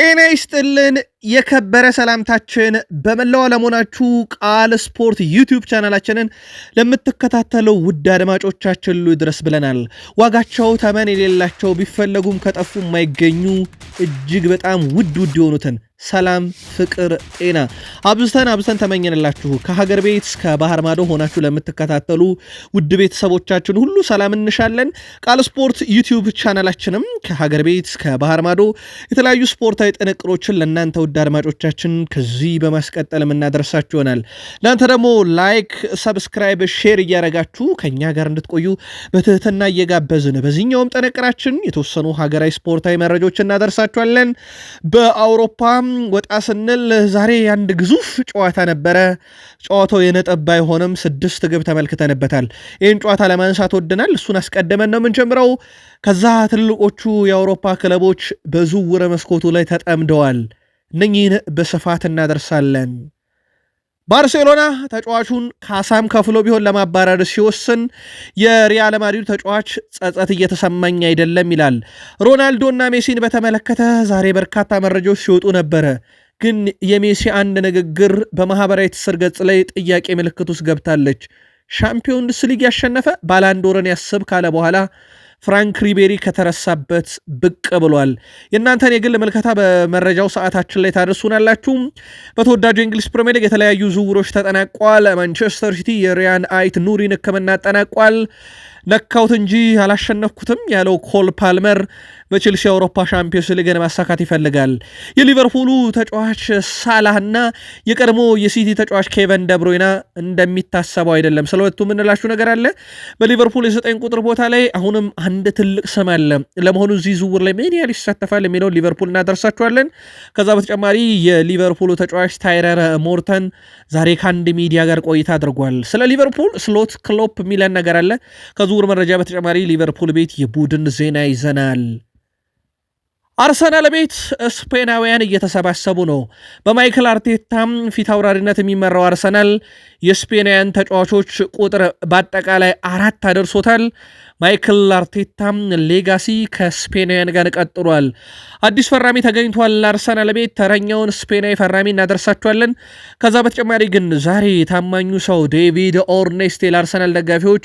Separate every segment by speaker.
Speaker 1: ጤና ይስጥልን የከበረ ሰላምታችን በመላው አለመሆናችሁ ቃል ስፖርት ዩቲዩብ ቻናላችንን ለምትከታተለው ውድ አድማጮቻችን ሉ ድረስ ብለናል። ዋጋቸው ተመን የሌላቸው ቢፈለጉም ከጠፉ የማይገኙ እጅግ በጣም ውድ ውድ የሆኑትን ሰላም፣ ፍቅር፣ ጤና አብዝተን አብዝተን ተመኘንላችሁ። ከሀገር ቤት እስከ ባህር ማዶ ሆናችሁ ለምትከታተሉ ውድ ቤተሰቦቻችን ሁሉ ሰላም እንሻለን። ቃል ስፖርት ዩቲዩብ ቻናላችንም ከሀገር ቤት እስከ ባህር ማዶ የተለያዩ ስፖርታዊ ጥንቅሮችን ለእናንተ ውድ አድማጮቻችን ከዚህ በማስቀጠል የምናደርሳችሁ ይሆናል። እናንተ ደግሞ ላይክ፣ ሰብስክራይብ፣ ሼር እያደረጋችሁ ከእኛ ጋር እንድትቆዩ በትህትና እየጋበዝን በዚህኛውም ጥንቅራችን የተወሰኑ ሀገራዊ ስፖርታዊ መረጃዎች እናደርሳችኋለን በአውሮፓ ከዛም ወጣ ስንል ዛሬ አንድ ግዙፍ ጨዋታ ነበረ። ጨዋታው የነጥብ ባይሆንም ስድስት ግብ ተመልክተንበታል። ይህን ጨዋታ ለማንሳት ወድናል። እሱን አስቀድመን ነው የምንጀምረው። ከዛ ትልቆቹ የአውሮፓ ክለቦች በዝውውር መስኮቱ ላይ ተጠምደዋል። እነኚህን በስፋት እናደርሳለን። ባርሴሎና ተጫዋቹን ካሳም ከፍሎ ቢሆን ለማባረር ሲወስን የሪያል ማድሪድ ተጫዋች ጸጸት እየተሰማኝ አይደለም ይላል። ሮናልዶና ሜሲን በተመለከተ ዛሬ በርካታ መረጃዎች ሲወጡ ነበረ። ግን የሜሲ አንድ ንግግር በማህበራዊ ትስስር ገጽ ላይ ጥያቄ ምልክት ውስጥ ገብታለች። ሻምፒዮንስ ሊግ ያሸነፈ ባላንዶርን ያስብ ካለ በኋላ ፍራንክ ሪቤሪ ከተረሳበት ብቅ ብሏል። የእናንተን የግል ምልከታ በመረጃው ሰዓታችን ላይ ታደርሱናላችሁ። በተወዳጁ የእንግሊዝ ፕሪሚየር ሊግ የተለያዩ ዝውውሮች ተጠናቋል። ማንቸስተር ሲቲ የሪያን አይት ኑሪን ሕክምና አጠናቋል። ነካውት እንጂ አላሸነፍኩትም ያለው ኮል ፓልመር በቼልሲ የአውሮፓ ሻምፒዮንስ ሊግን ማሳካት ይፈልጋል። የሊቨርፑሉ ተጫዋች ሳላህና የቀድሞ የሲቲ ተጫዋች ኬቨን ደብሮይና እንደሚታሰበው አይደለም። ስለወቱ የምንላችሁ ነገር አለ። በሊቨርፑል የዘጠኝ ቁጥር ቦታ ላይ አሁንም አንድ ትልቅ ስም አለ። ለመሆኑ እዚህ ዝውውር ላይ ምን ያህል ይሳተፋል የሚለውን ሊቨርፑል እናደርሳችኋለን። ከዛ በተጨማሪ የሊቨርፑሉ ተጫዋች ታይረር ሞርተን ዛሬ ከአንድ ሚዲያ ጋር ቆይታ አድርጓል። ስለ ሊቨርፑል ስሎት ክሎፕ የሚለን ነገር አለ ከዙ ዝውውር መረጃ በተጨማሪ ሊቨርፑል ቤት የቡድን ዜና ይዘናል። አርሰናል ቤት ስፔናውያን እየተሰባሰቡ ነው። በማይክል አርቴታም ፊት አውራሪነት የሚመራው አርሰናል የስፔናውያን ተጫዋቾች ቁጥር በአጠቃላይ አራት አደርሶታል። ማይክል አርቴታም ሌጋሲ ከስፔናውያን ጋር ቀጥሏል። አዲስ ፈራሚ ተገኝቷል። አርሰናል ቤት ተረኛውን ስፔናዊ ፈራሚ እናደርሳችኋለን። ከዛ በተጨማሪ ግን ዛሬ የታማኙ ሰው ዴቪድ ኦርኔስቴ ለአርሰናል ደጋፊዎች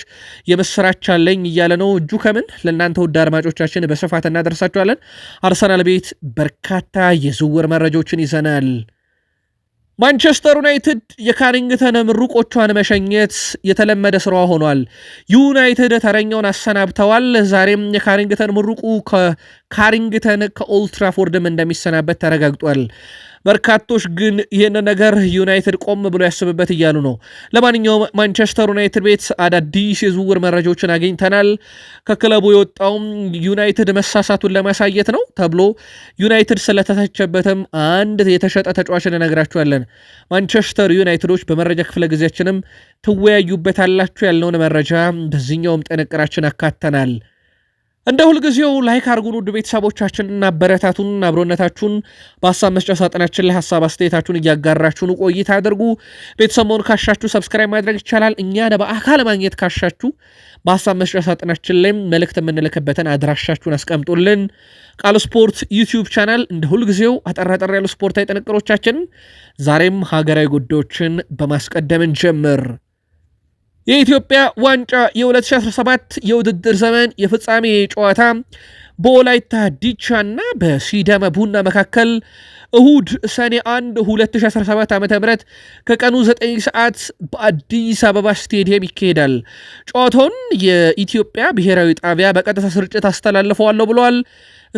Speaker 1: የምስራች አለኝ እያለ ነው። እጁ ከምን ለእናንተ ውድ አድማጮቻችን በስፋት እናደርሳቸዋለን አርሰናል ቤት በርካታ የዝውውር መረጃዎችን ይዘናል። ማንቸስተር ዩናይትድ የካሪንግተን ምሩቆቿን መሸኘት የተለመደ ስራዋ ሆኗል። ዩናይትድ ተረኛውን አሰናብተዋል። ዛሬም የካሪንግተን ምሩቁ ከካሪንግተን ከኦልትራፎርድም እንደሚሰናበት ተረጋግጧል። በርካቶች ግን ይህን ነገር ዩናይትድ ቆም ብሎ ያስብበት እያሉ ነው። ለማንኛውም ማንቸስተር ዩናይትድ ቤት አዳዲስ የዝውውር መረጃዎችን አግኝተናል። ከክለቡ የወጣውም ዩናይትድ መሳሳቱን ለማሳየት ነው ተብሎ ዩናይትድ ስለተተቸበትም አንድ የተሸጠ ተጫዋችን እነግራችኋለን። ማንቸስተር ዩናይትዶች በመረጃ ክፍለ ጊዜያችንም ትወያዩበታላችሁ ያለውን መረጃ በዚህኛውም ጥንቅራችን አካተናል። እንደ ሁልጊዜው ላይክ አድርጉን ውድ ቤተሰቦቻችን እና አብሮነታችሁን በሀሳብ መስጫ ሳጥናችን ላይ ሀሳብ አስተያየታችሁን እያጋራችሁን ቆይታ አድርጉ። ቤተሰብ መሆን ካሻችሁ ሰብስክራይብ ማድረግ ይቻላል። እኛ በአካል ማግኘት ካሻችሁ በሀሳብ መስጫ ሳጥናችን ላይም መልእክት የምንልክበትን አድራሻችሁን አስቀምጡልን። ቃል ስፖርት ዩቲዩብ ቻናል እንደ ሁልጊዜው አጠራጠር ያሉ ስፖርታዊ ጥንቅሮቻችን ዛሬም ሀገራዊ ጉዳዮችን በማስቀደም እንጀምር። የኢትዮጵያ ዋንጫ የ2017 የውድድር ዘመን የፍጻሜ ጨዋታ በወላይታ ዲቻና በሲዳማ ቡና መካከል እሁድ ሰኔ 1 2017 ዓ ም ከቀኑ 9 ሰዓት በአዲስ አበባ ስቴዲየም ይካሄዳል። ጨዋታውን የኢትዮጵያ ብሔራዊ ጣቢያ በቀጥታ ስርጭት አስተላልፈዋለሁ ብለዋል።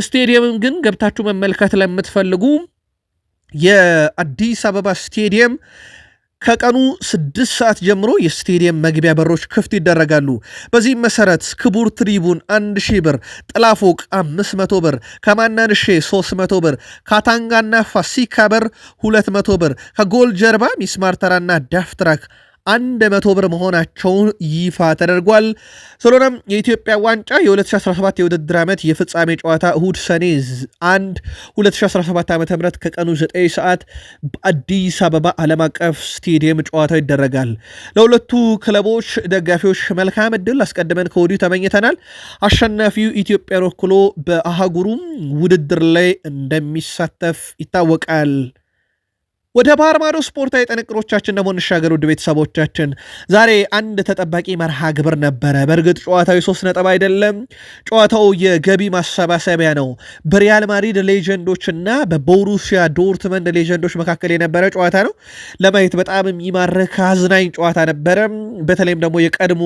Speaker 1: ስቴዲየምም ግን ገብታችሁ መመልከት ለምትፈልጉ የአዲስ አበባ ስቴዲየም ከቀኑ ስድስት ሰዓት ጀምሮ የስቴዲየም መግቢያ በሮች ክፍት ይደረጋሉ። በዚህም መሰረት ክቡር ትሪቡን 1ሺ 1000 ብር፣ ጥላፎቅ 500 ብር፣ ከማናንሼ 300 ብር፣ ካታንጋና ፋሲካ በር 200 ብር፣ ከጎል ጀርባ ሚስማር ተራና ዳፍትራክ አንድ መቶ ብር መሆናቸውን ይፋ ተደርጓል። ስለሆነም የኢትዮጵያ ዋንጫ የ2017 የውድድር ዓመት የፍጻሜ ጨዋታ እሁድ ሰኔ 1 2017 ዓ ም ከቀኑ 9 ሰዓት በአዲስ አበባ ዓለም አቀፍ ስቴዲየም ጨዋታው ይደረጋል። ለሁለቱ ክለቦች ደጋፊዎች መልካም እድል አስቀድመን ከወዲሁ ተመኝተናል። አሸናፊው ኢትዮጵያን ወክሎ በአህጉሩም ውድድር ላይ እንደሚሳተፍ ይታወቃል። ወደ ባህር ማዶ ስፖርታዊ ጥንቅሮቻችን ደግሞ እንሻገር። ውድ ቤተሰቦቻችን ዛሬ አንድ ተጠባቂ መርሃ ግብር ነበረ። በእርግጥ ጨዋታው የሶስት ነጥብ አይደለም፣ ጨዋታው የገቢ ማሰባሰቢያ ነው። በሪያል ማድሪድ ሌጀንዶች እና በቦሩሲያ ዶርትመንድ ሌጀንዶች መካከል የነበረ ጨዋታ ነው። ለማየት በጣም የሚማርክ አዝናኝ ጨዋታ ነበረ። በተለይም ደግሞ የቀድሞ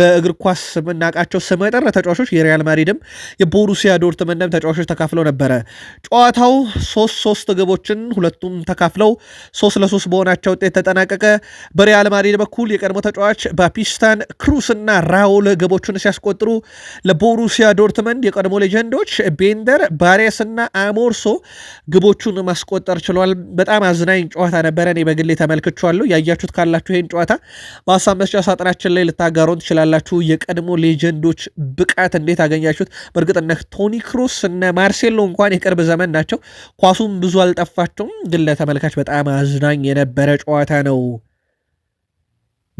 Speaker 1: በእግር ኳስ የምናውቃቸው ስመጥር ተጫዋቾች የሪያል ማድሪድም የቦሩሲያ ዶርትመንድም ተጫዋቾች ተካፍለው ነበረ። ጨዋታው ሶስት ሶስት ግቦችን ሁለቱም ተካፍለው ሶስት ለሶስት በሆናቸው ውጤት ተጠናቀቀ። በሪያል ማድሪድ በኩል የቀድሞ ተጫዋች ባፒስታን ክሩስና ራውል ግቦቹን ሲያስቆጥሩ ለቦሩሲያ ዶርትመንድ የቀድሞ ሌጀንዶች ቤንደር ባሬስና አሞርሶ ግቦቹን ማስቆጠር ችሏል። በጣም አዝናኝ ጨዋታ ነበረ። እኔ በግሌ ተመልክቼዋለሁ። ያያችሁት ካላችሁ ይህን ጨዋታ በሀሳብ መስጫ ሳጥናችን ላይ ልታጋሩን ትችላላችሁ። የቀድሞ ሌጀንዶች ብቃት እንዴት አገኛችሁት? በእርግጥነ ቶኒ ክሩስ እና ማርሴሎ እንኳን የቅርብ ዘመን ናቸው። ኳሱም ብዙ አልጠፋቸውም፣ ግን ለተመልካች በጣም በጣም አዝናኝ የነበረ ጨዋታ ነው።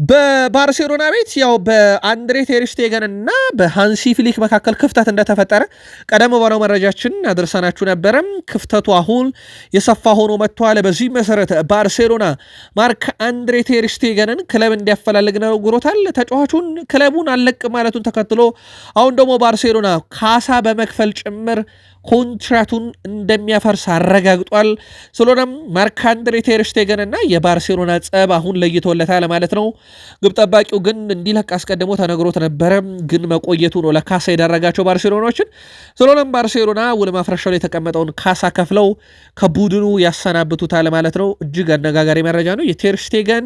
Speaker 1: በባርሴሎና ቤት ያው በአንድሬ ቴሪስቴገን እና በሃንሲ ፊሊክ መካከል ክፍተት እንደተፈጠረ ቀደም ባለው መረጃችን አድርሰናችሁ ነበረም። ክፍተቱ አሁን የሰፋ ሆኖ መጥቷል። በዚህ መሰረት ባርሴሎና ማርክ አንድሬ ቴሪስቴገንን ክለብ እንዲያፈላልግ ነግሮታል። ተጫዋቹን ክለቡን አለቅ ማለቱን ተከትሎ አሁን ደግሞ ባርሴሎና ካሳ በመክፈል ጭምር ኮንትራቱን እንደሚያፈርስ አረጋግጧል። ስለሆነም ማርክ አንድሬ ተር የባርሴሎና ጸብ አሁን ለይቶለታል ማለት ነው። ግብ ጠባቂው ግን እንዲለቅ አስቀድሞ ተነግሮት ነበረ፣ ግን መቆየቱ ነው ለካሳ የዳረጋቸው ባርሴሎናዎችን። ስለሆነም ባርሴሎና ውል ማፍረሻው ላይ የተቀመጠውን ካሳ ከፍለው ከቡድኑ ያሰናብቱታል ማለት ነው። እጅግ አነጋጋሪ መረጃ ነው። የቴርሽቴገን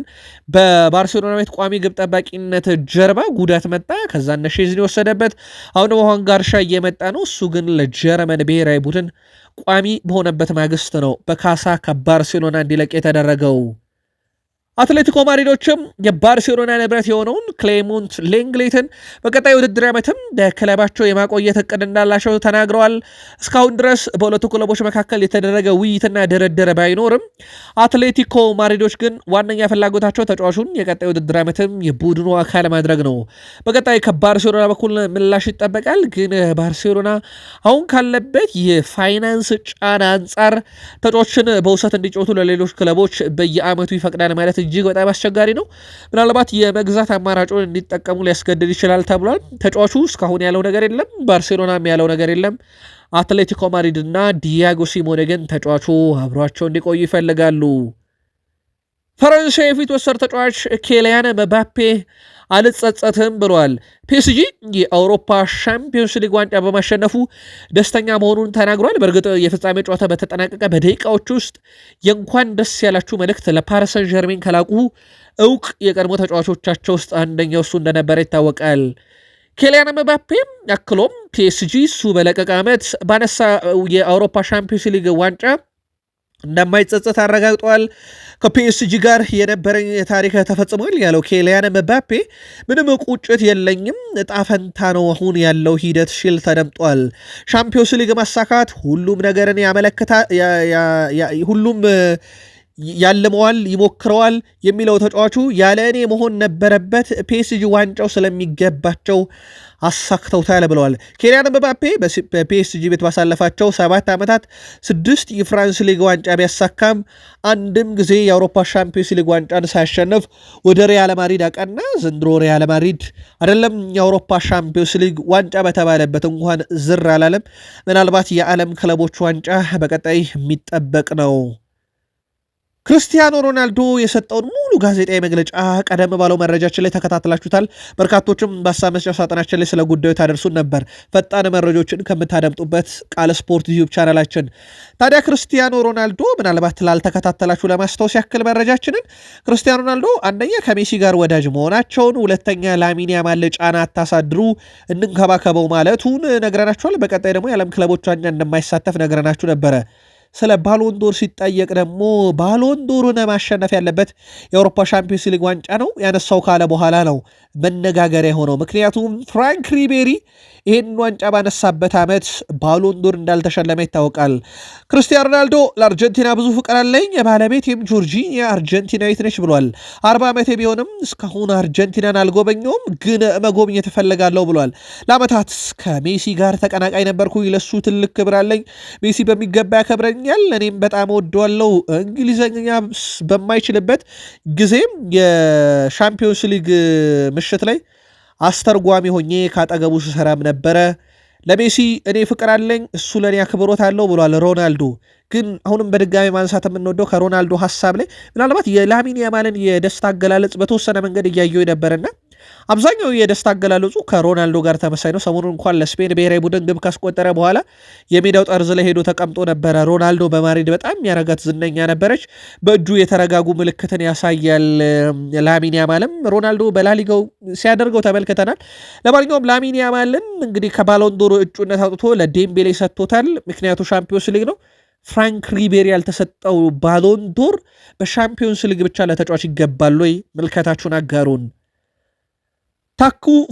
Speaker 1: በባርሴሎና ቤት ቋሚ ግብ ጠባቂነት ጀርባ ጉዳት መጣ። ከዛ ነሼዝን የወሰደበት አሁን በኋን ጋርሻ እየመጣ ነው። እሱ ግን ለጀርመን የብሔራዊ ቡድን ቋሚ በሆነበት ማግስት ነው በካሳ ከባርሴሎና እንዲለቅ የተደረገው። አትሌቲኮ ማድሪዶችም የባርሴሎና ንብረት የሆነውን ክሌሙንት ሌንግሌትን በቀጣይ ውድድር ዓመትም በክለባቸው የማቆየት እቅድ እንዳላቸው ተናግረዋል። እስካሁን ድረስ በሁለቱ ክለቦች መካከል የተደረገ ውይይትና ድርድር ባይኖርም አትሌቲኮ ማድሪዶች ግን ዋነኛ ፍላጎታቸው ተጫዋቹን የቀጣይ ውድድር ዓመትም የቡድኑ አካል ማድረግ ነው። በቀጣይ ከባርሴሎና በኩል ምላሽ ይጠበቃል። ግን ባርሴሎና አሁን ካለበት የፋይናንስ ጫና አንጻር ተጫዋችን በውሰት እንዲጫወቱ ለሌሎች ክለቦች በየዓመቱ ይፈቅዳል ማለት እጅግ በጣም አስቸጋሪ ነው። ምናልባት የመግዛት አማራጩን እንዲጠቀሙ ሊያስገድድ ይችላል ተብሏል። ተጫዋቹ እስካሁን ያለው ነገር የለም፣ ባርሴሎናም ያለው ነገር የለም። አትሌቲኮ ማድሪድ እና ዲያጎ ሲሞኔ ግን ተጫዋቹ አብሯቸው እንዲቆዩ ይፈልጋሉ። ፈረንሳይ የፊት ወሰር ተጫዋች ኬልያን መባፔ አልጸጸትም ብሏል። ፒኤስጂ የአውሮፓ ሻምፒዮንስ ሊግ ዋንጫ በማሸነፉ ደስተኛ መሆኑን ተናግሯል። በእርግጥ የፍጻሜ ጨዋታ በተጠናቀቀ በደቂቃዎች ውስጥ የእንኳን ደስ ያላችሁ መልእክት ለፓሪሰን ጀርሜን ከላቁ እውቅ የቀድሞ ተጫዋቾቻቸው ውስጥ አንደኛው እሱ እንደነበረ ይታወቃል። ኬሊያን መባፔም አክሎም ፒኤስጂ እሱ በለቀቀ ዓመት ባነሳ የአውሮፓ ሻምፒዮንስ ሊግ ዋንጫ እንደማይጸጸት አረጋግጧል። ከፒኤስጂ ጋር የነበረኝ ታሪክ ተፈጽሟል ያለው ኬልያን መባፔ ምንም ቁጭት የለኝም፣ እጣ ፈንታ ነው አሁን ያለው ሂደት ሲል ተደምጧል። ሻምፒዮንስ ሊግ ማሳካት ሁሉም ነገርን ያመለክታል ሁሉም ያልመዋል፣ ይሞክረዋል የሚለው ተጫዋቹ ያለ እኔ መሆን ነበረበት፣ ፒኤስጂ ዋንጫው ስለሚገባቸው አሳክተውታል ብለዋል። ኬንያን ምባፔ በፒኤስጂ ቤት ባሳለፋቸው ሰባት ዓመታት ስድስት የፍራንስ ሊግ ዋንጫ ቢያሳካም አንድም ጊዜ የአውሮፓ ሻምፒዮንስ ሊግ ዋንጫን ሳያሸንፍ ወደ ሪያል ማድሪድ አቀና። ዘንድሮ ሪያል ማድሪድ አይደለም የአውሮፓ ሻምፒዮንስ ሊግ ዋንጫ በተባለበት እንኳን ዝር አላለም። ምናልባት የዓለም ክለቦች ዋንጫ በቀጣይ የሚጠበቅ ነው። ክርስቲያኖ ሮናልዶ የሰጠውን ሙሉ ጋዜጣዊ መግለጫ ቀደም ባለው መረጃችን ላይ ተከታትላችሁታል። በርካቶችም በሀሳብ መስጫ ሳጥናችን ላይ ስለ ጉዳዩ ታደርሱን ነበር፣ ፈጣን መረጃዎችን ከምታደምጡበት ቃል ስፖርት ዩቲዩብ ቻናላችን። ታዲያ ክርስቲያኖ ሮናልዶ ምናልባት ላልተከታተላችሁ ለማስታወስ ያክል መረጃችንን ክርስቲያኖ ሮናልዶ አንደኛ ከሜሲ ጋር ወዳጅ መሆናቸውን፣ ሁለተኛ ላሚን ያማል ጫና አታሳድሩ እንንከባከበው ማለቱን ነግረናችኋል። በቀጣይ ደግሞ የዓለም ክለቦች ዋንጫ እንደማይሳተፍ ነግረናችሁ ነበረ። ስለ ባሎንዶር ሲጠየቅ ደግሞ ባሎንዶሩን ማሸነፍ ያለበት የአውሮፓ ሻምፒዮንስ ሊግ ዋንጫ ነው ያነሳው ካለ በኋላ ነው መነጋገሪያ የሆነው። ምክንያቱም ፍራንክ ሪቤሪ ይህን ዋንጫ ባነሳበት ዓመት ባሎንዶር እንዳልተሸለመ ይታወቃል። ክርስቲያን ሮናልዶ ለአርጀንቲና ብዙ ፍቅር አለኝ፣ የባለቤቴም ጆርጂ አርጀንቲናዊት ነች ብሏል። አርባ ዓመቴ ቢሆንም እስካሁን አርጀንቲናን አልጎበኘውም፣ ግን መጎብኘት እፈልጋለሁ ብሏል። ለዓመታት ከሜሲ ጋር ተቀናቃይ ነበርኩ ለሱ ትልቅ ክብር አለኝ። ሜሲ በሚገባ ያከብረኛል፣ እኔም በጣም ወደዋለሁ። እንግሊዘኛ በማይችልበት ጊዜም የሻምፒዮንስ ሊግ ምሽት ላይ አስተርጓሚ ሆኜ ካጠገቡ ስሰራም ነበረ። ለሜሲ እኔ ፍቅር አለኝ፣ እሱ ለእኔ አክብሮት አለው ብሏል ሮናልዶ። ግን አሁንም በድጋሚ ማንሳት የምንወደው ከሮናልዶ ሀሳብ ላይ ምናልባት የላሚን ያማልን የደስታ አገላለጽ በተወሰነ መንገድ እያየው ነበርና አብዛኛው የደስታ አገላለጹ ከሮናልዶ ጋር ተመሳይ ነው። ሰሞኑን እንኳን ለስፔን ብሔራዊ ቡድን ግብ ካስቆጠረ በኋላ የሜዳው ጠርዝ ላይ ሄዶ ተቀምጦ ነበረ። ሮናልዶ በማድሪድ በጣም ያረጋት ዝነኛ ነበረች። በእጁ የተረጋጉ ምልክትን ያሳያል። ላሚን ያማልም ሮናልዶ በላሊጋው ሲያደርገው ተመልክተናል። ለማንኛውም ላሚን ያማልን እንግዲህ ከባሎንዶሮ እጩነት አውጥቶ ለዴምቤሌ ሰጥቶታል። ምክንያቱ ሻምፒዮንስ ሊግ ነው። ፍራንክ ሪቤሪ ያልተሰጠው ባሎንዶር በሻምፒዮንስ ሊግ ብቻ ለተጫዋች ይገባል ወይ? ምልከታችሁን አጋሩን።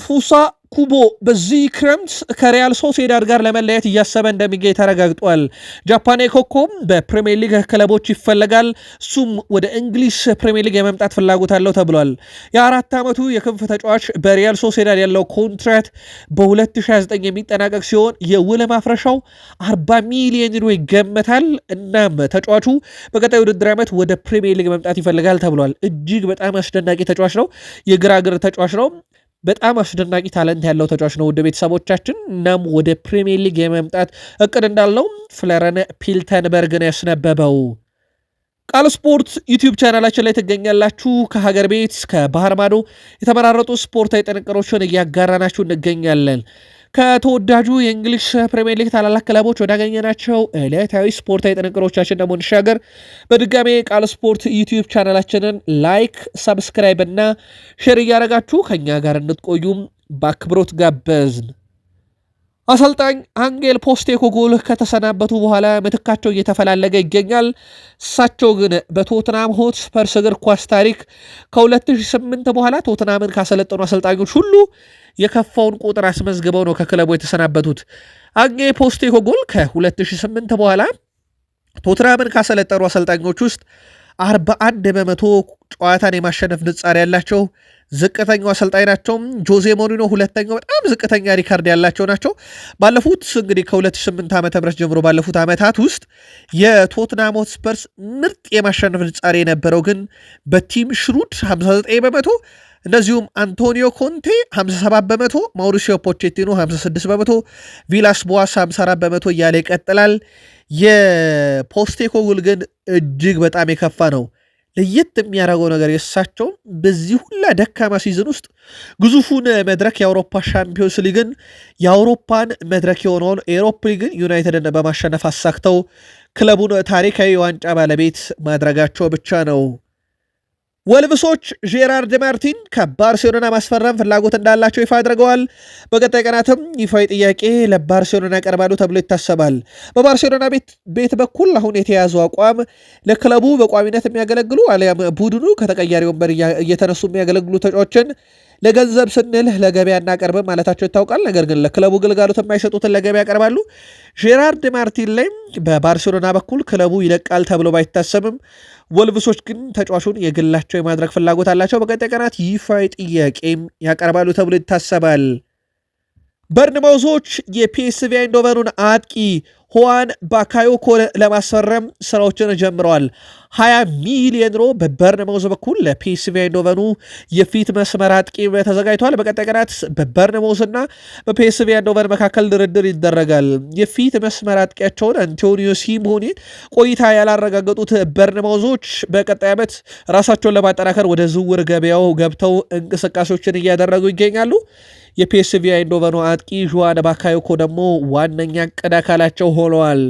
Speaker 1: ፉሳ ኩቦ በዚህ ክረምት ከሪያል ሶሴዳድ ጋር ለመለያየት እያሰበ እንደሚገኝ ተረጋግጧል። ጃፓኔ ኮኮም በፕሪሚየር ሊግ ክለቦች ይፈለጋል። እሱም ወደ እንግሊዝ ፕሪሚየር ሊግ የመምጣት ፍላጎት አለው ተብሏል። የአራት ዓመቱ የክንፍ ተጫዋች በሪያል ሶሴዳድ ያለው ኮንትራት በ2029 የሚጠናቀቅ ሲሆን የውል ማፍረሻው 40 ሚሊዮን ዩሮ ይገመታል። እናም ተጫዋቹ በቀጣይ ውድድር ዓመት ወደ ፕሪሚየር ሊግ መምጣት ይፈልጋል ተብሏል። እጅግ በጣም አስደናቂ ተጫዋች ነው። የግራግር ተጫዋች ነው። በጣም አስደናቂ ታለንት ያለው ተጫዋች ነው። ውድ ቤተሰቦቻችን እናም ወደ ፕሪሚየር ሊግ የመምጣት እቅድ እንዳለው ፍለረን ፒልተንበርግን ያስነበበው ቃል ስፖርት ዩቲዩብ ቻናላችን ላይ ትገኛላችሁ። ከሀገር ቤት ከባህር ማዶ የተመራረጡ ስፖርታዊ ጥንቅሮችን እያጋራናችሁ እንገኛለን። ከተወዳጁ የእንግሊዝ ፕሪምየር ሊግ ታላላቅ ክለቦች ወዳገኘናቸው ዕለታዊ ስፖርታዊ ጥንቅሮቻችን ደግሞ እንሻገር። በድጋሜ ቃል ስፖርት ዩቲዩብ ቻናላችንን ላይክ፣ ሰብስክራይብ እና ሼር እያደረጋችሁ ከእኛ ጋር እንድትቆዩም በአክብሮት ጋበዝን። አሰልጣኝ አንጌል ፖስቴኮግሉ ከተሰናበቱ በኋላ ምትካቸው እየተፈላለገ ይገኛል። እሳቸው ግን በቶትናም ሆትስፐርስ እግር ኳስ ታሪክ ከ2008 በኋላ ቶትናምን ካሰለጠኑ አሰልጣኞች ሁሉ የከፋውን ቁጥር አስመዝግበው ነው ከክለቡ የተሰናበቱት። አንጌ ፖስቴኮግሉ ከ2008 በኋላ ቶትናምን ካሰለጠኑ አሰልጣኞች ውስጥ 41 በመቶ ጨዋታን የማሸነፍ ንጻሪ ያላቸው ዝቅተኛው አሰልጣኝ ናቸው። ጆዜ ሞሪኖ ሁለተኛው በጣም ዝቅተኛ ሪካርድ ያላቸው ናቸው። ባለፉት እንግዲህ ከ2008 ዓ ም ጀምሮ ባለፉት ዓመታት ውስጥ የቶትናም ሆትስፐርስ ምርጥ የማሸነፍ ንጻሬ የነበረው ግን በቲም ሽሩድ 59 በመቶ እንደዚሁም አንቶኒዮ ኮንቴ 57 በመቶ፣ ማውሪሲዮ ፖቼቲኖ 56 በመቶ፣ ቪላስ ቦዋስ 54 በመቶ እያለ ይቀጥላል። የፖስቴኮግል ግን እጅግ በጣም የከፋ ነው። ለየት የሚያደርገው ነገር የእሳቸውም በዚህ ሁላ ደካማ ሲዝን ውስጥ ግዙፉን መድረክ የአውሮፓ ሻምፒዮንስ ሊግን የአውሮፓን መድረክ የሆነውን ኤሮፕ ሊግን ዩናይትድን በማሸነፍ አሳክተው ክለቡን ታሪካዊ ዋንጫ ባለቤት ማድረጋቸው ብቻ ነው ወልብሶች ጄራርድ ማርቲን ከባርሴሎና ማስፈረም ፍላጎት እንዳላቸው ይፋ አድርገዋል። በቀጣይ ቀናትም ይፋዊ ጥያቄ ለባርሴሎና ያቀርባሉ ተብሎ ይታሰባል። በባርሴሎና ቤት በኩል አሁን የተያዙ አቋም ለክለቡ በቋሚነት የሚያገለግሉ አሊያም ቡድኑ ከተቀያሪ ወንበር እየተነሱ የሚያገለግሉ ተጫዋቾችን ለገንዘብ ስንል ለገበያ እናቀርብ ማለታቸው ይታወቃል። ነገር ግን ለክለቡ ግልጋሎት የማይሰጡትን ለገበያ ያቀርባሉ። ጄራርድ ማርቲን ላይም በባርሴሎና በኩል ክለቡ ይለቃል ተብሎ ባይታሰብም ወልቭሶች ግን ተጫዋቹን የግላቸው የማድረግ ፍላጎት አላቸው። በቀጣይ ቀናት ይፋዊ ጥያቄም ያቀርባሉ ተብሎ ይታሰባል። በርንማውዞች የፒኤስቪ አይንዶቨኑን አጥቂ ሁዋን ባካዮኮን ለማስፈረም ስራዎችን ጀምረዋል። 20 ሚሊዮን ሮ በበርንማውዝ በኩል ለፒኤስቪ አይንዶቨኑ የፊት መስመር አጥቂ ተዘጋጅቷል። በቀጣይ ቀናት በበርንማውዝና በፒኤስቪ አይንዶቨን መካከል ድርድር ይደረጋል። የፊት መስመር አጥቂያቸውን አንቶኒዮ ሲሞኒ ቆይታ ያላረጋገጡት በርንማውዞች በቀጣይ ዓመት ራሳቸውን ለማጠናከር ወደ ዝውውር ገበያው ገብተው እንቅስቃሴዎችን እያደረጉ ይገኛሉ። የፒኤስቪ አይንዶቨኑ አጥቂ ዥዋን ባካዮኮ ደግሞ ዋነኛ ዕቅድ አካላቸው ሆነዋል።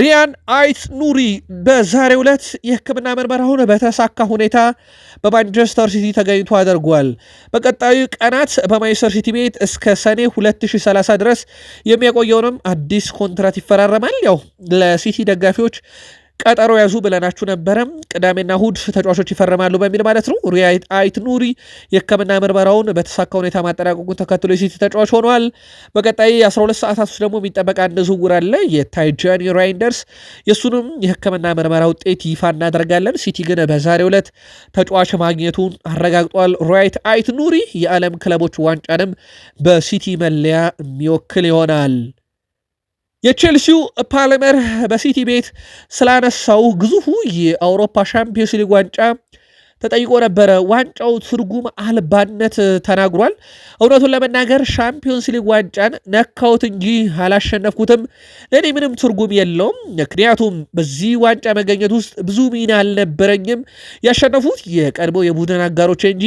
Speaker 1: ሪያን አይት ኑሪ በዛሬው ዕለት የሕክምና ምርመራውን በተሳካ ሁኔታ በማንቸስተር ሲቲ ተገኝቶ አድርጓል። በቀጣዩ ቀናት በማንቸስተር ሲቲ ቤት እስከ ሰኔ 2030 ድረስ የሚያቆየውንም አዲስ ኮንትራት ይፈራረማል። ያው ለሲቲ ደጋፊዎች ቀጠሮ ያዙ ብለናችሁ ነበረ። ቅዳሜና እሁድ ተጫዋቾች ይፈርማሉ በሚል ማለት ነው። ሪያድ አይት ኑሪ የሕክምና ምርመራውን በተሳካ ሁኔታ ማጠናቀቁን ተከትሎ የሲቲ ተጫዋች ሆኗል። በቀጣይ 12 ሰዓታት ውስጥ ደግሞ የሚጠበቅ አንድ ዝውውር አለ፣ የታይጃኒ ራይንደርስ። የእሱንም የሕክምና ምርመራ ውጤት ይፋ እናደርጋለን። ሲቲ ግን በዛሬው ዕለት ተጫዋች ማግኘቱን አረጋግጧል። ሪያድ አይት ኑሪ የዓለም ክለቦች ዋንጫንም በሲቲ መለያ የሚወክል ይሆናል። የቼልሲው ፓልመር በሲቲ ቤት ስላነሳው ግዙፉ የአውሮፓ ሻምፒዮንስ ሊግ ዋንጫ ተጠይቆ ነበረ። ዋንጫው ትርጉም አልባነት ተናግሯል። እውነቱን ለመናገር ሻምፒዮንስ ሊግ ዋንጫን ነካውት እንጂ አላሸነፍኩትም፣ ለእኔ ምንም ትርጉም የለውም። ምክንያቱም በዚህ ዋንጫ መገኘት ውስጥ ብዙ ሚና አልነበረኝም። ያሸነፉት የቀድሞ የቡድን አጋሮች እንጂ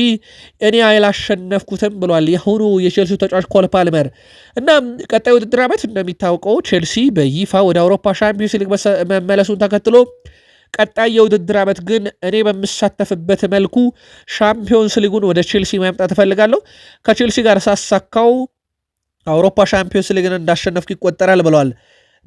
Speaker 1: እኔ አላሸነፍኩትም ብሏል የአሁኑ የቼልሲ ተጫዋች ኮል ፓልመር። እናም ቀጣይ ውድድር ዓመት እንደሚታወቀው ቼልሲ በይፋ ወደ አውሮፓ ሻምፒዮንስ ሊግ መመለሱን ተከትሎ ቀጣይ የውድድር ዓመት ግን እኔ በምሳተፍበት መልኩ ሻምፒዮንስ ሊጉን ወደ ቼልሲ ማምጣት እፈልጋለሁ። ከቼልሲ ጋር ሳሳካው አውሮፓ ሻምፒዮንስ ሊግን እንዳሸነፍኩ ይቆጠራል ብለዋል።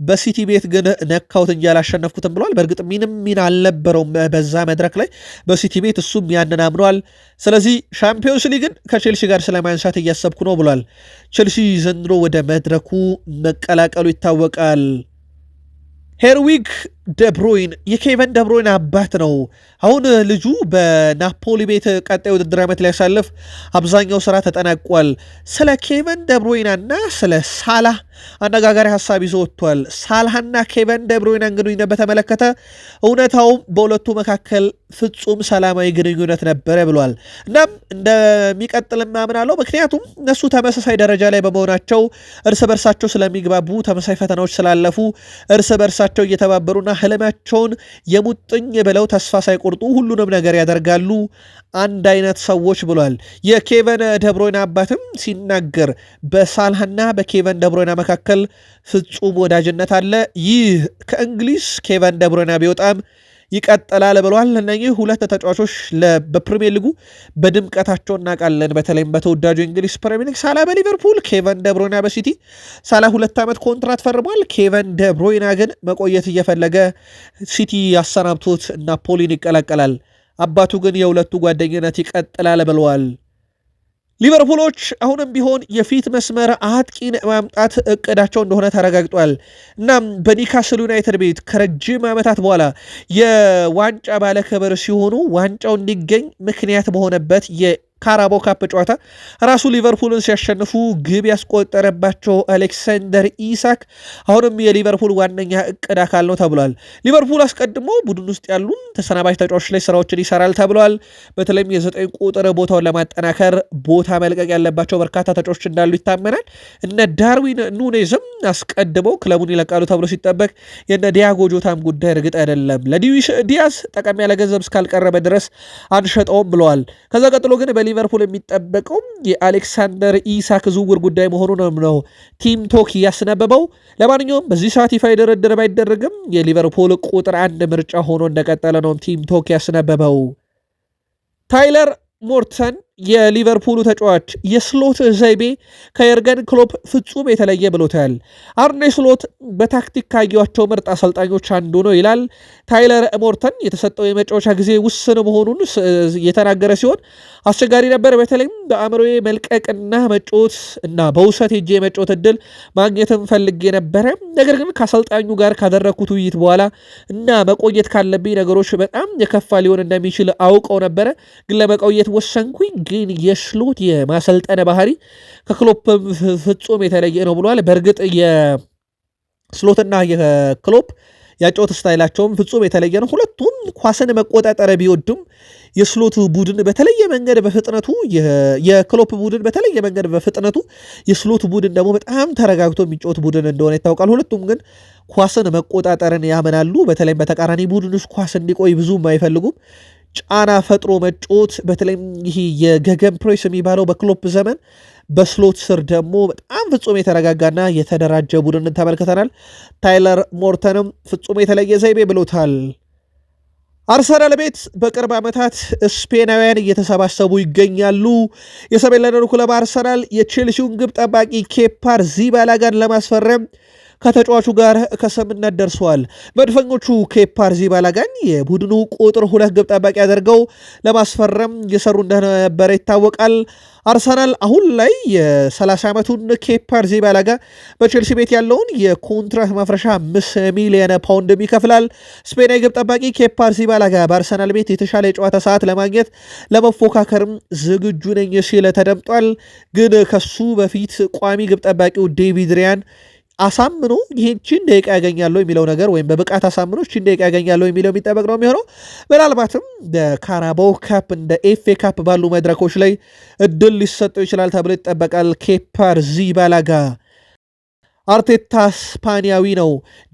Speaker 1: በሲቲ ቤት ግን ነካውት እንጂ አላሸነፍኩትም ብለዋል። በእርግጥ ምንም ሚና አልነበረውም በዛ መድረክ ላይ በሲቲ ቤት እሱም ያንን አምኗል። ስለዚህ ሻምፒዮንስ ሊግን ከቼልሲ ጋር ስለማንሳት እያሰብኩ ነው ብሏል። ቼልሲ ዘንድሮ ወደ መድረኩ መቀላቀሉ ይታወቃል። ሄርዊግ ደብሮይን የኬቨን ደብሮይን አባት ነው። አሁን ልጁ በናፖሊ ቤት ቀጣይ ውድድር ዓመት ሊያሳልፍ አብዛኛው ስራ ተጠናቋል። ስለ ኬቨን ደብሮይናና ስለ ሳላህ አነጋጋሪ ሀሳብ ይዞ ወጥቷል። ሳላህና ኬቨን ደብሮይናን ግንኙነት በተመለከተ እውነታውም በሁለቱ መካከል ፍጹም ሰላማዊ ግንኙነት ነበረ ብሏል። እናም እንደሚቀጥልም አምናለው፣ ምክንያቱም እነሱ ተመሳሳይ ደረጃ ላይ በመሆናቸው እርስ በርሳቸው ስለሚግባቡ፣ ተመሳሳይ ፈተናዎች ስላለፉ እርስ በርሳቸው እየተባበሩና ህልማቸውን የሙጥኝ ብለው ተስፋ ሳይቆርጡ ሁሉንም ነገር ያደርጋሉ፣ አንድ አይነት ሰዎች ብሏል። የኬቨን ደብሮይን አባትም ሲናገር በሳልሃና በኬቨን ደብሮይና መካከል ፍጹም ወዳጅነት አለ። ይህ ከእንግሊዝ ኬቨን ደብሮይና ቢወጣም ይቀጥላል ብለዋል። እነኚህ ሁለት ተጫዋቾች በፕሪሚየር ሊጉ በድምቀታቸው እናውቃለን። በተለይም በተወዳጁ እንግሊዝ ፕሪሚየር ሊግ ሳላ በሊቨርፑል ኬቨን ደብሮይና በሲቲ ሳላ ሁለት ዓመት ኮንትራት ፈርሟል። ኬቨን ደብሮይና ግን መቆየት እየፈለገ ሲቲ ያሰናብቶት ናፖሊን ይቀላቀላል። አባቱ ግን የሁለቱ ጓደኝነት ይቀጥላል ብለዋል። ሊቨርፑሎች አሁንም ቢሆን የፊት መስመር አጥቂን ማምጣት እቅዳቸው እንደሆነ ተረጋግጧል። እናም በኒካስል ዩናይትድ ቤት ከረጅም ዓመታት በኋላ የዋንጫ ባለክብር ሲሆኑ ዋንጫው እንዲገኝ ምክንያት በሆነበት ካራቦ ካፕ ጨዋታ ራሱ ሊቨርፑልን ሲያሸንፉ ግብ ያስቆጠረባቸው አሌክሳንደር ኢሳክ አሁንም የሊቨርፑል ዋነኛ እቅድ አካል ነው ተብሏል። ሊቨርፑል አስቀድሞ ቡድን ውስጥ ያሉ ተሰናባሽ ተጫዋቾች ላይ ስራዎችን ይሰራል ተብሏል። በተለይም የዘጠኝ ቁጥር ቦታውን ለማጠናከር ቦታ መልቀቅ ያለባቸው በርካታ ተጫዋቾች እንዳሉ ይታመናል። እነ ዳርዊን ኑኔዝም አስቀድመው ክለቡን ይለቃሉ ተብሎ ሲጠበቅ የነ ዲያጎ ጆታም ጉዳይ እርግጥ አይደለም። ዲያስ ጠቀም ያለ ገንዘብ እስካልቀረበ ድረስ አንሸጠውም ብለዋል። ከዛ ቀጥሎ ግን በሊቨርፑል የሚጠበቀውም የአሌክሳንደር ኢሳክ ዝውውር ጉዳይ መሆኑንም ነው ቲም ቶክ ያስነበበው። ለማንኛውም በዚህ ሰዓት ይፋ ድርድር ባይደረግም የሊቨርፑል ቁጥር አንድ ምርጫ ሆኖ እንደቀጠለ ነው ቲም ቶክ ያስነበበው ታይለር ሞርተን የሊቨርፑሉ ተጫዋች የስሎት ዘይቤ ከየርገን ክሎፕ ፍጹም የተለየ ብሎታል። አርኔ ስሎት በታክቲክ ካዩቸው ምርጥ አሰልጣኞች አንዱ ነው ይላል። ታይለር ሞርተን የተሰጠው የመጫወቻ ጊዜ ውስን መሆኑን የተናገረ ሲሆን አስቸጋሪ ነበር፣ በተለይም በአእምሮ መልቀቅና መጫወት እና በውሰት ሄጄ የመጫወት እድል ማግኘትም ፈልጌ ነበረ። ነገር ግን ከአሰልጣኙ ጋር ካደረግኩት ውይይት በኋላ እና መቆየት ካለብኝ ነገሮች በጣም የከፋ ሊሆን እንደሚችል አውቀው ነበረ፣ ግን ለመቆየት ወሰንኩኝ ግን የሽሎት የማሰልጠነ ባህሪ ከክሎፕም ፍጹም የተለየ ነው ብለዋል። በእርግጥ የስሎትና የክሎፕ ያጫወት ስታይላቸውም ፍጹም የተለየ ነው። ሁለቱም ኳስን መቆጣጠር ቢወዱም የስሎት ቡድን በተለየ መንገድ በፍጥነቱ የክሎፕ ቡድን በተለየ መንገድ በፍጥነቱ የስሎት ቡድን ደግሞ በጣም ተረጋግቶ የሚጫወት ቡድን እንደሆነ ይታወቃል። ሁለቱም ግን ኳስን መቆጣጠርን ያምናሉ። በተለይም በተቃራኒ ቡድን ውስጥ ኳስ እንዲቆይ ብዙም አይፈልጉም። ጫና ፈጥሮ መጫወት በተለይም ይህ የገገም ፕሬስ የሚባለው በክሎፕ ዘመን በስሎት ስር ደግሞ በጣም ፍጹም የተረጋጋና የተደራጀ ቡድን ተመልክተናል። ታይለር ሞርተንም ፍጹም የተለየ ዘይቤ ብሎታል። አርሰናል ቤት በቅርብ ዓመታት ስፔናውያን እየተሰባሰቡ ይገኛሉ። የሰሜን ለንደኑ ክለብ አርሰናል የቼልሲውን ግብ ጠባቂ ኬፓር ዚባላጋን ለማስፈረም ከተጫዋቹ ጋር ከስምምነት ደርሰዋል። መድፈኞቹ ኬፓ አሪዛባላጋን የቡድኑ ቁጥር ሁለት ግብ ጠባቂ አድርገው ለማስፈረም እየሰሩ እንደነበረ ይታወቃል። አርሰናል አሁን ላይ የ30 ዓመቱን ኬፓ አሪዛባላጋ በቼልሲ ቤት ያለውን የኮንትራት ማፍረሻ አምስት ሚሊየን ፓውንድም ይከፍላል። ስፔናዊ ግብ ጠባቂ ኬፓ አሪዛባላጋ በአርሰናል ቤት የተሻለ የጨዋታ ሰዓት ለማግኘት ለመፎካከርም ዝግጁ ነኝ ሲል ተደምጧል። ግን ከሱ በፊት ቋሚ ግብ ጠባቂው ዴቪድ ሪያን አሳምኖ ይህችን ደቂቃ ያገኛለሁ የሚለው ነገር ወይም በብቃት አሳምኖ ይህችን ደቂቃ ያገኛለሁ የሚለው የሚጠበቅ ነው የሚሆነው። ምናልባትም በካራባው ካፕ እንደ ኤፌ ካፕ ባሉ መድረኮች ላይ እድል ሊሰጠው ይችላል ተብሎ ይጠበቃል። ኬፓር ዚባላጋ አርቴታ ስፓንያዊ ነው።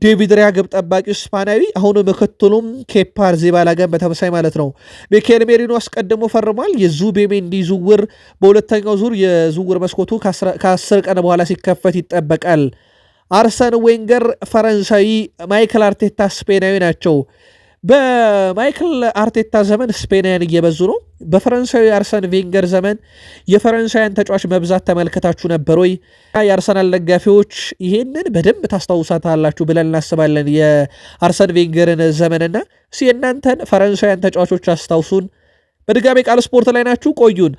Speaker 1: ዴቪድ ሪያ ግብ ጠባቂው ስፓኒያዊ፣ አሁኑ ምክትሉም ኬፓር ዜባላጋን በተመሳይ ማለት ነው። ሚኬል ሜሪኖ አስቀድሞ ፈርሟል። የዙቤሜንዲ ዝውውር በሁለተኛው ዙር የዝውውር መስኮቱ ከአስር ቀን በኋላ ሲከፈት ይጠበቃል። አርሰን ዌንገር ፈረንሳዊ፣ ማይክል አርቴታ ስፔናዊ ናቸው። በማይክል አርቴታ ዘመን ስፔናውያን እየበዙ ነው። በፈረንሳዊ አርሰን ቬንገር ዘመን የፈረንሳውያን ተጫዋች መብዛት ተመልከታችሁ ነበር ወይ? የአርሰናል ደጋፊዎች ይሄንን በደንብ ታስታውሳታላችሁ ብለን እናስባለን። የአርሰን ቬንገርን ዘመንና እስኪ የእናንተን ፈረንሳውያን ተጫዋቾች አስታውሱን። በድጋሚ ቃል ስፖርት ላይ ናችሁ ቆዩን።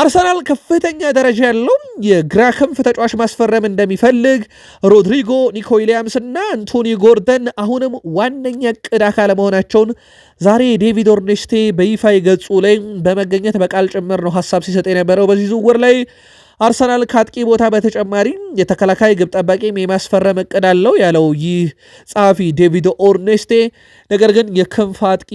Speaker 1: አርሰናል ከፍተኛ ደረጃ ያለው የግራ ክንፍ ተጫዋች ማስፈረም እንደሚፈልግ ሮድሪጎ፣ ኒኮ ዊሊያምስ እና አንቶኒ ጎርደን አሁንም ዋነኛ ዕቅድ አካል መሆናቸውን ዛሬ ዴቪድ ኦርኔስቴ በይፋ ገጹ ላይ በመገኘት በቃል ጭምር ነው ሀሳብ ሲሰጥ የነበረው በዚህ ዝውውር ላይ አርሰናል ከአጥቂ ቦታ በተጨማሪ የተከላካይ ግብ ጠባቂም የማስፈረም እቅድ አለው ያለው ይህ ጸሐፊ ዴቪድ ኦርኔስቴ፣ ነገር ግን የክንፍ አጥቂ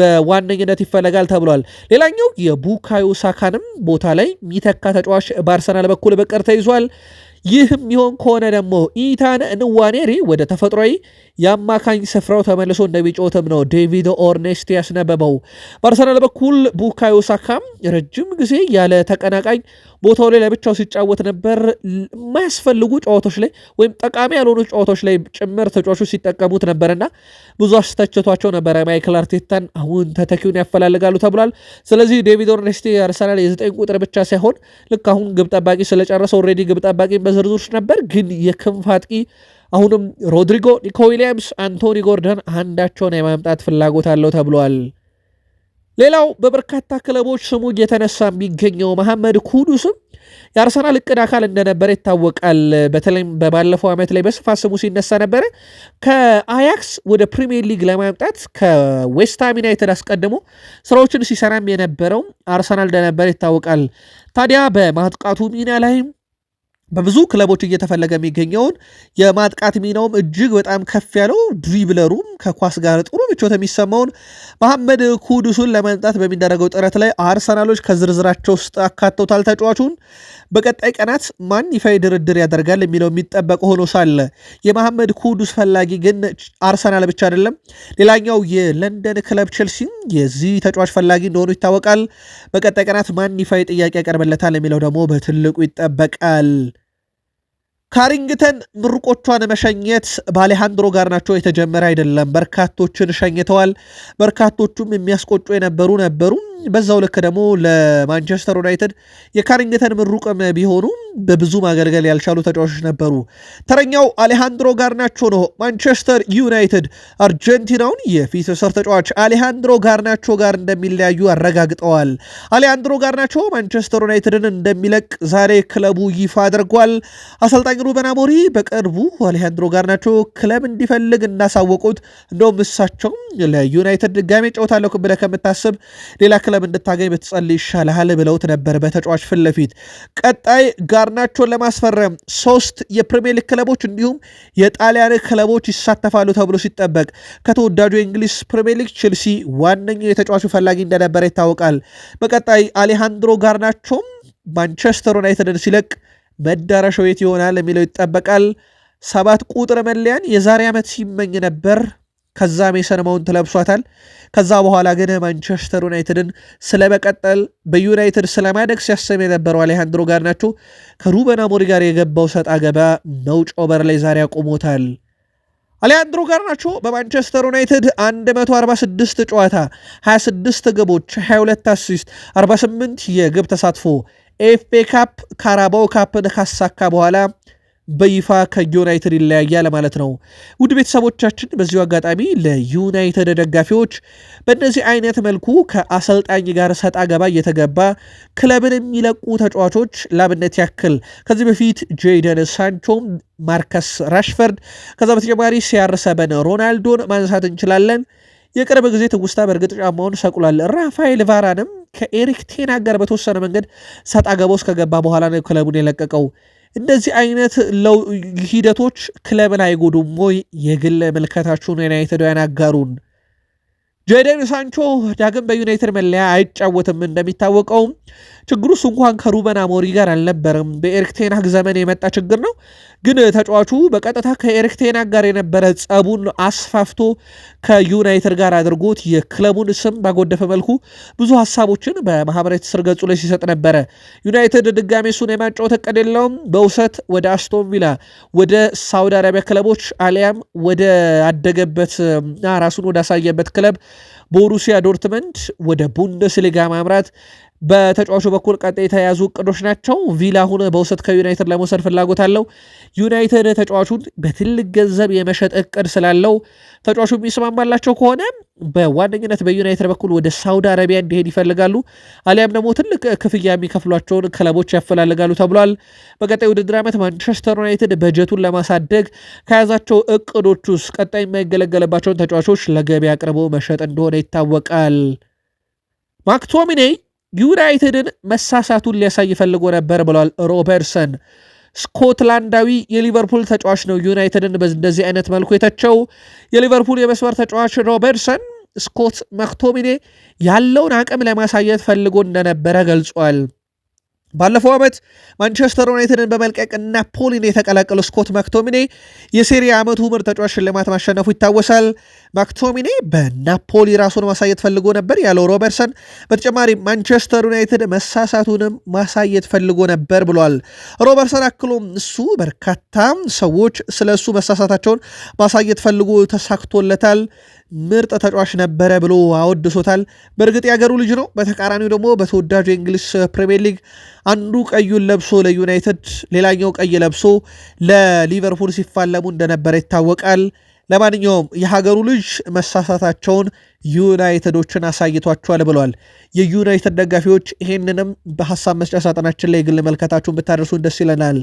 Speaker 1: በዋነኝነት ይፈለጋል ተብሏል። ሌላኛው የቡካዮ ሳካንም ቦታ ላይ የሚተካ ተጫዋች በአርሰናል በኩል በቅር ተይዟል። ይህም ይሆን ከሆነ ደግሞ ኢታነ ንዋኔሪ ወደ ተፈጥሯዊ የአማካኝ ስፍራው ተመልሶ እንደሚጫወትም ነው ዴቪድ ኦርኔስት ያስነበበው። በአርሰናል በኩል ቡካዮ ሳካም ረጅም ጊዜ ያለ ተቀናቃኝ ቦታው ላይ ለብቻው ሲጫወት ነበር። የማያስፈልጉ ጨዋታዎች ላይ ወይም ጠቃሚ ያልሆኑ ጨዋታዎች ላይ ጭምር ተጫዋቾች ሲጠቀሙት ነበርና ብዙ አስተችቷቸው ነበረ ማይክል አርቴታን። አሁን ተተኪውን ያፈላልጋሉ ተብሏል። ስለዚህ ዴቪድ ኦርኔስት የአርሰናል የዘጠኝ ቁጥር ብቻ ሳይሆን ልክ አሁን ግብ ጠባቂ ስለጨረሰ ኦልሬዲ ግብ ጠባቂ ዝርዝሮች ነበር። ግን የክንፍ አጥቂ አሁንም ሮድሪጎ፣ ኒኮ ዊሊያምስ፣ አንቶኒ ጎርደን አንዳቸውን የማምጣት ፍላጎት አለው ተብሏል። ሌላው በበርካታ ክለቦች ስሙ እየተነሳ የሚገኘው መሐመድ ኩዱስም የአርሰናል እቅድ አካል እንደነበረ ይታወቃል። በተለይም በባለፈው ዓመት ላይ በስፋት ስሙ ሲነሳ ነበረ። ከአያክስ ወደ ፕሪሚየር ሊግ ለማምጣት ከዌስትሃም ዩናይትድ አስቀድሞ ስራዎችን ሲሰራም የነበረው አርሰናል እንደነበረ ይታወቃል። ታዲያ በማጥቃቱ ሚና ላይም በብዙ ክለቦች እየተፈለገ የሚገኘውን የማጥቃት ሚናውም እጅግ በጣም ከፍ ያለው ድሪብለሩም ከኳስ ጋር ጥሩ ምቾት የሚሰማውን መሐመድ ኩዱሱን ለመምጣት በሚደረገው ጥረት ላይ አርሰናሎች ከዝርዝራቸው ውስጥ አካተውታል። ተጫዋቹን በቀጣይ ቀናት ማን ይፋዊ ድርድር ያደርጋል የሚለው የሚጠበቅ ሆኖ ሳለ የመሐመድ ኩዱስ ፈላጊ ግን አርሰናል ብቻ አይደለም። ሌላኛው የለንደን ክለብ ቼልሲም የዚህ ተጫዋች ፈላጊ እንደሆኑ ይታወቃል። በቀጣይ ቀናት ማን ይፋዊ ጥያቄ ያቀርብለታል የሚለው ደግሞ በትልቁ ይጠበቃል። ካሪንግተን ምርቆቿን መሸኘት በአሌሃንድሮ ጋርናቾ የተጀመረ አይደለም። በርካቶችን ሸኝተዋል። በርካቶቹም የሚያስቆጩ የነበሩ ነበሩ። በዛው ልክ ደግሞ ለማንቸስተር ዩናይትድ የካሪንግተን ምሩቅም ቢሆኑም በብዙ ማገልገል ያልቻሉ ተጫዋቾች ነበሩ። ተረኛው አሌሃንድሮ ጋርናቾ ነው። ማንቸስተር ዩናይትድ አርጀንቲናውን የፊት ሰር ተጫዋች አሌሃንድሮ ጋርናቾ ጋር እንደሚለያዩ አረጋግጠዋል። አሌሃንድሮ ጋርናቾ ማንቸስተር ዩናይትድን እንደሚለቅ ዛሬ ክለቡ ይፋ አድርጓል። አሰልጣኝ ሩበን አሞሪ በቅርቡ አሌሃንድሮ ጋርናቾ ክለብ እንዲፈልግ እንዳሳወቁት እንደውም እሳቸውም ለዩናይትድ ድጋሜ ጨውታለሁ ብለህ ከምታስብ ሌላ ክለብ እንድታገኝ ብትጸልይ ይሻልሃል ብለውት ነበር። በተጫዋች ፊት ለፊት ቀጣይ ጋርናቸውን ለማስፈረም ሶስት የፕሪሚየር ሊግ ክለቦች እንዲሁም የጣሊያን ክለቦች ይሳተፋሉ ተብሎ ሲጠበቅ ከተወዳጁ የእንግሊዝ ፕሪሚየር ሊግ ቼልሲ ዋነኛው የተጫዋቹ ፈላጊ እንደነበረ ይታወቃል። በቀጣይ አሌሃንድሮ ጋርናቾም ማንቸስተር ዩናይትድን ሲለቅ መዳረሻው የት ይሆናል የሚለው ይጠበቃል። ሰባት ቁጥር መለያን የዛሬ ዓመት ሲመኝ ነበር። ከዛም የሰነመውን ማውንት ለብሷታል። ከዛ በኋላ ግን ማንቸስተር ዩናይትድን ስለመቀጠል በዩናይትድ ስለማደግ ሲያሰብ የነበረው አሌሃንድሮ ጋር ናቸው ከሩበን አሞሪ ጋር የገባው ሰጣ ገባ መውጫው በር ላይ ዛሬ አቁሞታል። አሊያንድሮ ጋር ናቸው በማንቸስተር ዩናይትድ 146 ጨዋታ 26 ግቦች 22 አሲስት 48 የግብ ተሳትፎ ኤፍኤ ካፕ ካራባው ካፕን ካሳካ በኋላ በይፋ ከዩናይትድ ይለያያል ማለት ነው። ውድ ቤተሰቦቻችን በዚሁ አጋጣሚ ለዩናይትድ ደጋፊዎች በእነዚህ አይነት መልኩ ከአሰልጣኝ ጋር ሰጣ ገባ እየተገባ ክለብን የሚለቁ ተጫዋቾች ላብነት ያክል ከዚህ በፊት ጄደን ሳንቾም፣ ማርከስ ራሽፈርድ ከዛ በተጨማሪ ሲያርሰበን ሮናልዶን ማንሳት እንችላለን። የቅርብ ጊዜ ትውስታ በእርግጥ ጫማውን ሰቅሏል። ራፋኤል ቫራንም ከኤሪክ ቴና ጋር በተወሰነ መንገድ ሰጣ ገባ ውስጥ ከገባ በኋላ ነው ክለቡን የለቀቀው። እንደዚህ አይነት ሂደቶች ክለብን አይጎዱም ወይ? የግል ምልከታችሁን ዩናይትድ ያናጋሩን። ጄደን ሳንቾ ዳግም በዩናይትድ መለያ አይጫወትም። እንደሚታወቀው ችግሩ እሱ እንኳን ከሩበን አሞሪ ጋር አልነበረም። በኤሪክቴናግ ዘመን የመጣ ችግር ነው። ግን ተጫዋቹ በቀጥታ ከኤሪክቴናግ ጋር የነበረ ጸቡን አስፋፍቶ ከዩናይትድ ጋር አድርጎት የክለቡን ስም ባጎደፈ መልኩ ብዙ ሀሳቦችን በማህበራዊ ትስስር ገጹ ላይ ሲሰጥ ነበረ። ዩናይትድ ድጋሚ እሱን የማጫወት እቅድ የለውም። በውሰት ወደ አስቶን ቪላ፣ ወደ ሳውዲ አረቢያ ክለቦች አሊያም ወደ አደገበት ራሱን ወዳሳየበት ክለብ ቦሩሲያ ዶርትመንድ፣ ወደ ቡንደስሊጋ ማምራት በተጫዋቹ በኩል ቀጣይ የተያዙ እቅዶች ናቸው። ቪላ አሁን በውሰት ከዩናይትድ ለመውሰድ ፍላጎት አለው። ዩናይትድ ተጫዋቹን በትልቅ ገንዘብ የመሸጥ እቅድ ስላለው ተጫዋቹ የሚስማማላቸው ከሆነ በዋነኝነት በዩናይትድ በኩል ወደ ሳውዲ አረቢያ እንዲሄድ ይፈልጋሉ፣ አሊያም ደግሞ ትልቅ ክፍያ የሚከፍሏቸውን ክለቦች ያፈላልጋሉ ተብሏል። በቀጣይ ውድድር ዓመት ማንቸስተር ዩናይትድ በጀቱን ለማሳደግ ከያዛቸው እቅዶች ውስጥ ቀጣይ የማይገለገልባቸውን ተጫዋቾች ለገበያ አቅርቦ መሸጥ እንደሆነ ይታወቃል። ማክቶሚኔ ዩናይትድን መሳሳቱን ሊያሳይ ፈልጎ ነበር ብሏል ሮበርሰን። ስኮትላንዳዊ የሊቨርፑል ተጫዋች ነው ዩናይትድን በእንደዚህ አይነት መልኩ የተቸው የሊቨርፑል የመስመር ተጫዋች ሮበርሰን ስኮት መክቶሚኔ ያለውን አቅም ለማሳየት ፈልጎ እንደነበረ ገልጿል። ባለፈው ዓመት ማንቸስተር ዩናይትድን በመልቀቅ ናፖሊን የተቀላቀሉ ስኮት ማክቶሚኔ የሴሪ ዓመቱ ምርጥ ተጫዋች ሽልማት ማሸነፉ ይታወሳል። ማክቶሚኔ በናፖሊ ራሱን ማሳየት ፈልጎ ነበር ያለው ሮበርሰን፣ በተጨማሪ ማንቸስተር ዩናይትድ መሳሳቱንም ማሳየት ፈልጎ ነበር ብሏል ሮበርሰን። አክሎም እሱ በርካታ ሰዎች ስለ እሱ መሳሳታቸውን ማሳየት ፈልጎ ተሳክቶለታል ምርጥ ተጫዋች ነበረ ብሎ አወድሶታል። በእርግጥ የአገሩ ልጅ ነው። በተቃራኒው ደግሞ በተወዳጁ የእንግሊዝ ፕሪምየር ሊግ አንዱ ቀዩን ለብሶ ለዩናይትድ፣ ሌላኛው ቀይ ለብሶ ለሊቨርፑል ሲፋለሙ እንደነበረ ይታወቃል። ለማንኛውም የሀገሩ ልጅ መሳሳታቸውን ዩናይትዶችን አሳይቷቸዋል ብለዋል። የዩናይትድ ደጋፊዎች ይህንንም በሀሳብ መስጫ ሳጥናችን ላይ ግል መልከታችሁን ብታደርሱን ደስ ይለናል።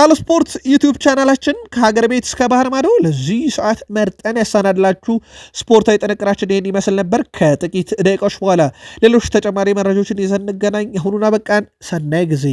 Speaker 1: ቃል ስፖርት ዩቲዩብ ቻናላችን ከሀገር ቤት እስከ ባህር ማዶ ለዚህ ሰዓት መርጠን ያሰናድላችሁ ስፖርታዊ ጥንቅራችን ይህን ይመስል ነበር። ከጥቂት ደቂቃዎች በኋላ ሌሎች ተጨማሪ መረጃዎችን ይዘን እንገናኝ። አሁኑን አበቃን። ሰናይ ጊዜ